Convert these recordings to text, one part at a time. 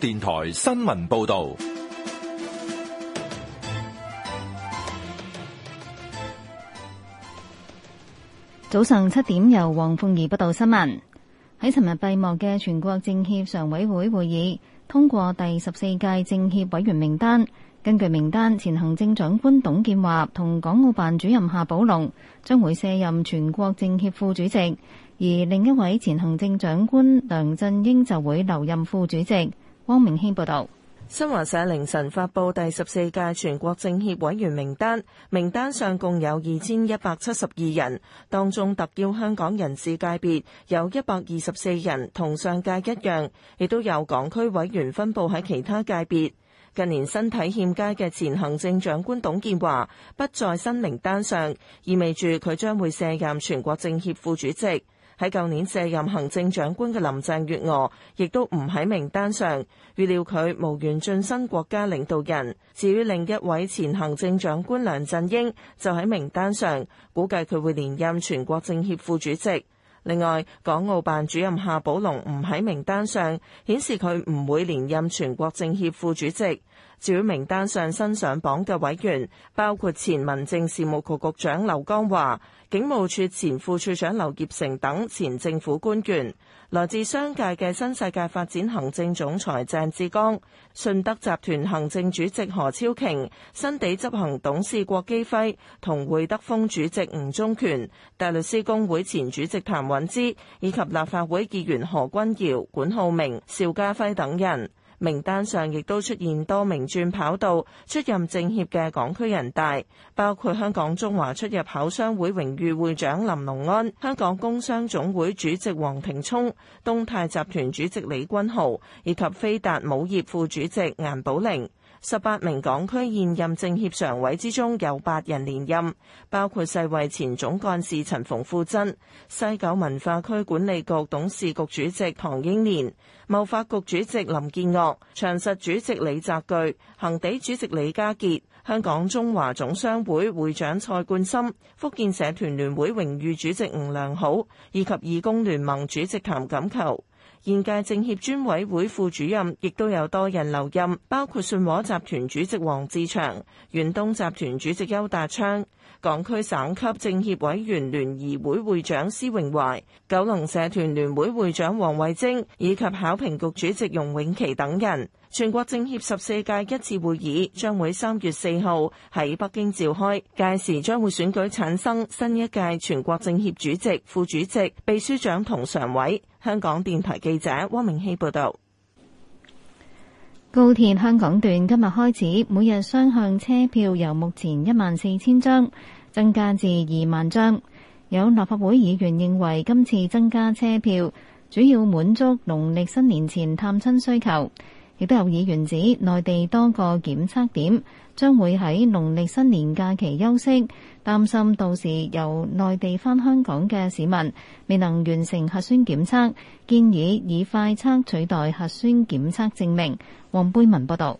電台新聞報道，早上七點由黃鳳儀報道新聞。喺尋日閉幕嘅全國政協常委會會議通過第十四屆政協委員名單。根據名單，前行政長官董建華同港澳辦主任夏寶龍將會卸任全國政協副主席，而另一位前行政長官梁振英就會留任副主席。汪明軒報道，新華社凌晨發布第十四屆全國政協委員名單，名單上共有二千一百七十二人，當中特邀香港人士界別有一百二十四人，同上屆一樣，亦都有港區委員分布喺其他界別。近年身體欠佳嘅前行政長官董建華不在新名單上，意味住佢將會卸任全國政協副主席。喺舊年卸任行政長官嘅林鄭月娥，亦都唔喺名單上，預料佢無緣晉身國家領導人。至於另一位前行政長官梁振英，就喺名單上，估計佢會連任全國政協副主席。另外，港澳辦主任夏寶龍唔喺名單上，顯示佢唔會連任全國政協副主席。主名單上新上榜嘅委員，包括前民政事務局局長劉江華、警務處前副處長劉業成等前政府官員，來自商界嘅新世界發展行政總裁鄭志剛、信德集團行政主席何超瓊、新地執行董事郭基輝同會德豐主席吳忠權、大律師公會前主席譚允芝以及立法會議員何君堯、管浩明、邵家輝等人。名單上亦都出現多名轉跑道出任政協嘅港區人大，包括香港中華出入口商會榮譽會長林龍安、香港工商總會主席王庭聰、東泰集團主席李君豪以及飛達帽業副主席顏寶鈴。十八名港區現任政協常委之中有八人連任，包括世衛前總幹事陳馮富珍、西九文化區管理局董事局主席唐英年、貿發局主席林建岳、長實主席李澤鉅、恒地主席李家傑、香港中華總商會會,會長蔡冠深、福建社團聯會榮譽主席吳良好以及義工聯盟主席譚錦球。現屆政協專委會副主任亦都有多人留任，包括信和集團主席黃志祥、遠東集團主席邱達昌。港區省級政協委員聯誼會會長施榮懷、九龍社團聯會會長王惠貞，以及考評局主席容永琪等人。全國政協十四屆一次會議將會三月四號喺北京召開，屆時將會選舉產生新一屆全國政協主席、副主席、秘書長同常委。香港電台記者汪明熙報道。高鐵香港段今日開始，每日雙向車票由目前一萬四千張增加至二萬張。有立法會議員認為，今次增加車票主要滿足農曆新年前探親需求。亦都有議員指，內地多個檢測點。將會喺農曆新年假期休息，擔心到時由內地返香港嘅市民未能完成核酸檢測，建議以快測取代核酸檢測證明。黃貝文報道。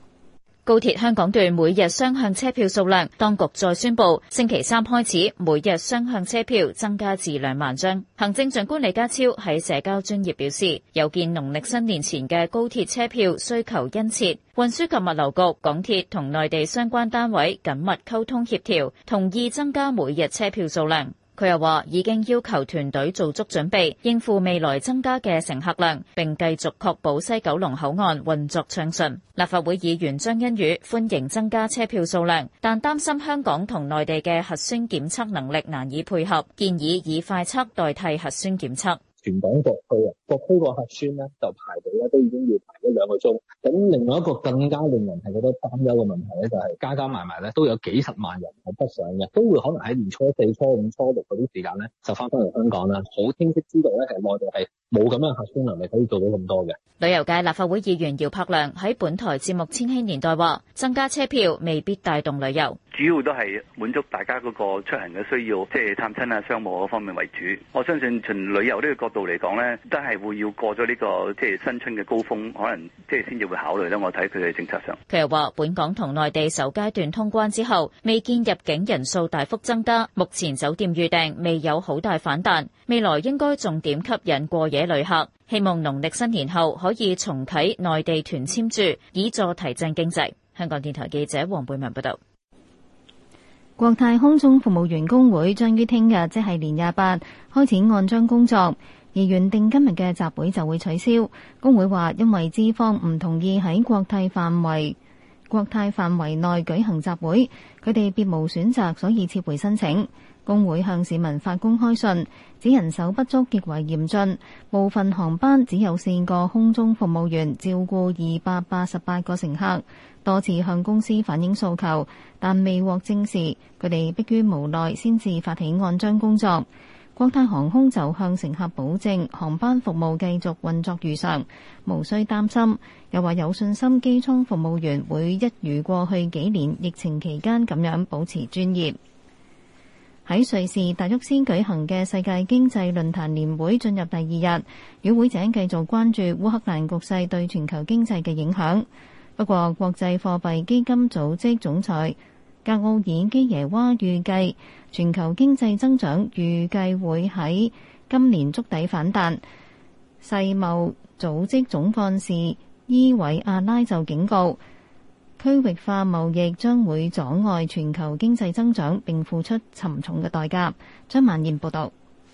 高鐵香港段每日雙向車票數量當局再宣布，星期三開始每日雙向車票增加至兩萬張。行政長官李家超喺社交專頁表示，有見農曆新年前的高鐵車票需求殷切，運輸及物流局、港鐵同內地相關單位緊密溝通協調，同意增加每日車票數量。佢又話已經要求團隊做足準備，應付未來增加嘅乘客量，並繼續確保西九龍口岸運作暢順。立法會議員張欣宇歡迎增加車票數量，但擔心香港同內地嘅核酸檢測能力難以配合，建議以快測代替核酸檢測。全港各區啊，各區個核酸呢就排隊咧都已經要排兩個鐘，咁另外一個更加令人係覺得擔憂嘅問題咧，就係加加埋埋咧都有幾十萬人係北上嘅，都會可能喺年初四、初五、初六嗰啲時間咧就翻翻嚟香港啦。好清晰知道咧，係內地係冇咁樣核酸能力可以做到咁多嘅。旅遊界立法會議員姚柏良喺本台節目《千禧年代》話：增加車票未必帶動旅遊，主要都係滿足大家嗰個出行嘅需要，即係探親啊、商務嗰方面為主。我相信從旅遊呢個角度嚟講咧，都係會要過咗呢個即係新春嘅高峰，可能。即係先至會考慮咧，我睇佢哋政策上。佢又話，本港同內地首階段通關之後，未見入境人數大幅增加，目前酒店預訂未有好大反彈，未來應該重點吸引過夜旅客，希望農曆新年後可以重啟內地團簽注，以助提振經濟。香港電台記者黃貝文報道。國泰空中服務員工會將於聽日，即係年廿八，開展按章工作。而原定今日嘅集會就會取消。工會話，因為資方唔同意喺國泰範圍、國泰範圍內舉行集會，佢哋別無選擇，所以撤回申請。工會向市民發公開信，指人手不足極為嚴峻，部分航班只有四個空中服務員照顧二百八十八個乘客。多次向公司反映訴求，但未獲正視，佢哋迫於無奈，先至發起按章工作。國泰航空就向乘客保證，航班服務繼續運作如常，無需擔心。又話有信心機艙服務員會一如過去幾年疫情期間咁樣保持專業。喺瑞士達沃斯舉行嘅世界經濟論壇年會進入第二日，與會者繼續關注烏克蘭局勢對全球經濟嘅影響。不過，國際貨幣基金組織總裁格奧爾基耶娃預計全球經濟增長預計會喺今年觸底反彈。世貿組織總幹事伊維阿拉就警告，區域化貿易將會阻礙全球經濟增長並付出沉重嘅代價。張萬燕報道。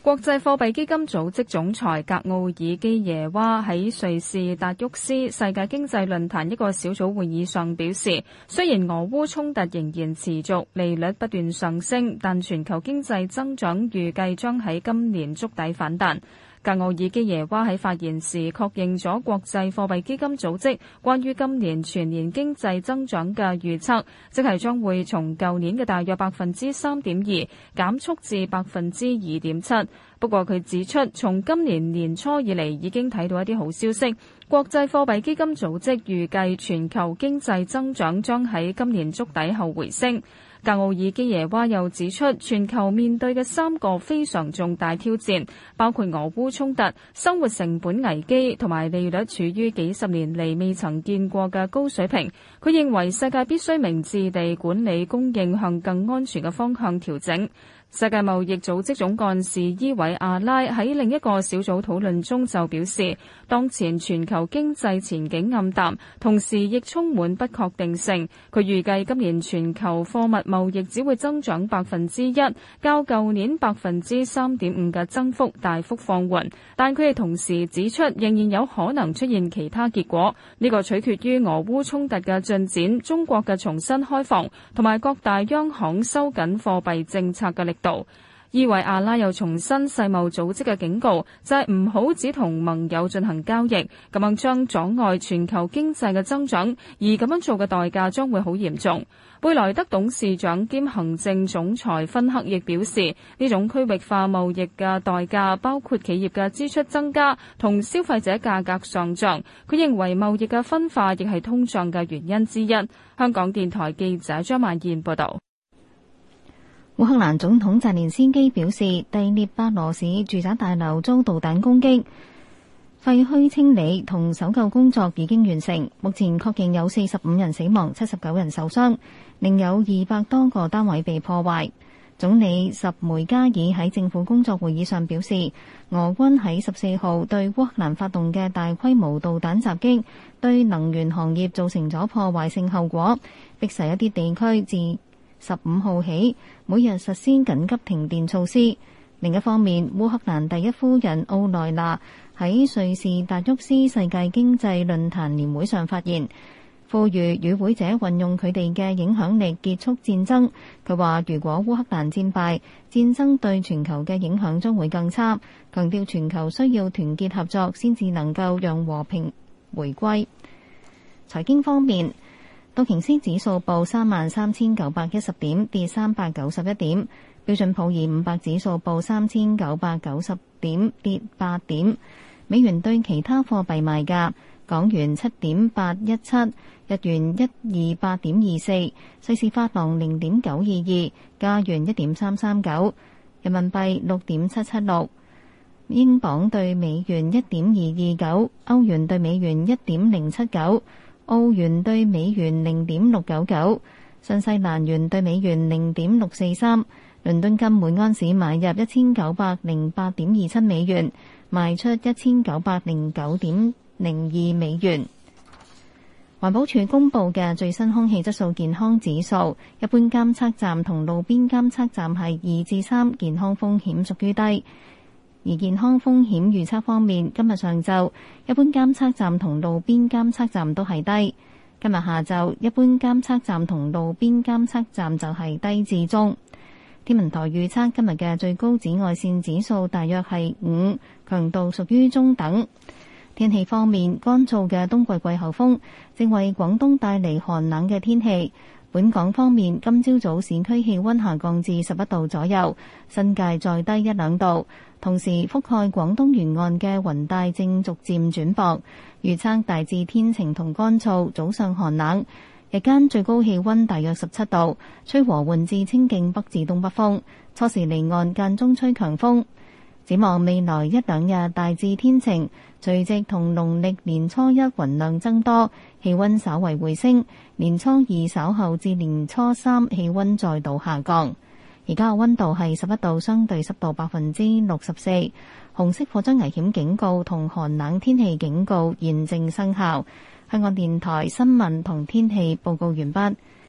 國際貨幣基金組織總裁格奧爾基耶娃喺瑞士達沃斯世界經濟論壇一個小組會議上表示，雖然俄烏衝突仍然持續，利率不斷上升，但全球經濟增長預計將喺今年觸底反彈。格奧爾基耶娃喺發言時確認咗國際貨幣基金組織關於今年全年經濟增長嘅預測，即係將會從舊年嘅大約百分之三點二減速至百分之二點七。不過佢指出，從今年年初以嚟已經睇到一啲好消息。國際貨幣基金組織預計全球經濟增長將喺今年觸底後回升。格奧爾基耶娃又指出，全球面對嘅三個非常重大挑戰，包括俄烏衝突、生活成本危機同埋利率處於幾十年嚟未曾見過嘅高水平。佢認為世界必須明智地管理供應，向更安全嘅方向調整。世界貿易組織總幹事伊維亞拉喺另一個小組討論中就表示，當前全球經濟前景暗淡，同時亦充滿不確定性。佢預計今年全球貨物物貿易只會增長百分之一，較舊年百分之三點五嘅增幅大幅放緩。但佢哋同時指出，仍然有可能出現其他結果，呢個取決於俄烏衝突嘅進展、中國嘅重新開放同埋各大央行收緊貨幣政策嘅力度。伊維阿拉又重申世貿組織嘅警告，就係唔好只同盟友進行交易，咁樣將阻礙全球經濟嘅增長，而咁樣做嘅代價將會好嚴重。貝萊德董事長兼行政總裁芬克亦表示，呢種區域化貿易嘅代價包括企業嘅支出增加同消費者價格上漲。佢認為貿易嘅分化亦係通脹嘅原因之一。香港電台記者張曼燕報道。烏克蘭總統澤連斯基表示，第聶伯羅市住宅大樓遭導彈攻擊，廢墟清理同搜救工作已經完成。目前確認有四十五人死亡，七十九人受傷，另有二百多個單位被破壞。總理什梅加爾喺政府工作會議上表示，俄軍喺十四號對烏克蘭發動嘅大規模導彈襲擊，對能源行業造成咗破壞性後果，逼使一啲地區自。十五號起，每日實施緊急停電措施。另一方面，烏克蘭第一夫人奧萊娜喺瑞士達沃斯世界經濟論壇年會上發言，呼籲與會者運用佢哋嘅影響力結束戰爭。佢話，如果烏克蘭戰敗，戰爭對全球嘅影響將會更差，強調全球需要團結合作，先至能夠讓和平回歸。財經方面。道瓊斯指數報三萬三千九百一十點，跌三百九十一點。標準普爾五百指數報三千九百九十點，跌八點。美元對其他貨幣賣價：港元七點八一七，日元一二八點二四，瑞士法郎零點九二二，加元一點三三九，人民幣六點七七六，英鎊對美元一點二二九，歐元對美元一點零七九。澳元兌美元零點六九九，新西蘭元兌美元零點六四三。倫敦金每安士買入一千九百零八點二七美元，賣出一千九百零九點零二美元。環保署公佈嘅最新空氣質素健康指數，一般監測站同路邊監測站係二至三，健康風險屬於低。而健康風險預測方面，今日上晝一般監測站同路邊監測站都係低。今日下晝一般監測站同路邊監測站就係低至中。天文台預測今日嘅最高紫外線指數大約係五，強度屬於中等。天氣方面，乾燥嘅冬季季候風正為廣東帶嚟寒冷嘅天氣。本港方面，今朝早市區氣温下降至十一度左右，新界再低一兩度。同時覆蓋廣東沿岸嘅雲帶正逐漸轉薄，預測大致天晴同乾燥，早上寒冷，日間最高氣温大約十七度，吹和緩至清勁北至東北風，初時離岸間中吹強風。展望未來一兩日大，大致天晴，除夕同農曆年初一雲量增多，氣温稍為回升。年初二稍後至年初三氣温再度下降。而家嘅温度係十一度，相對濕度百分之六十四。紅色火災危險警告同寒冷天氣警告現正生效。香港電台新聞同天氣報告完畢。